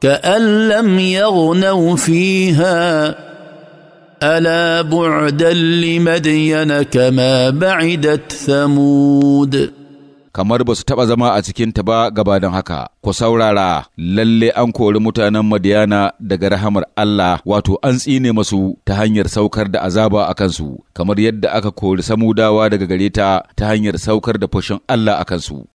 كأن لم يغنوا فيها ألا بعدا لمدين كما بعدت ثمود kamar ba su taɓa zama a cikinta ba gabanin haka, ku saurara lalle an kori mutanen Madiyana daga rahamar Allah wato an tsine masu ta hanyar saukar da azaba a kansu, kamar yadda aka kori samudawa daga gareta ta ta hanyar saukar da fushin Allah a kansu.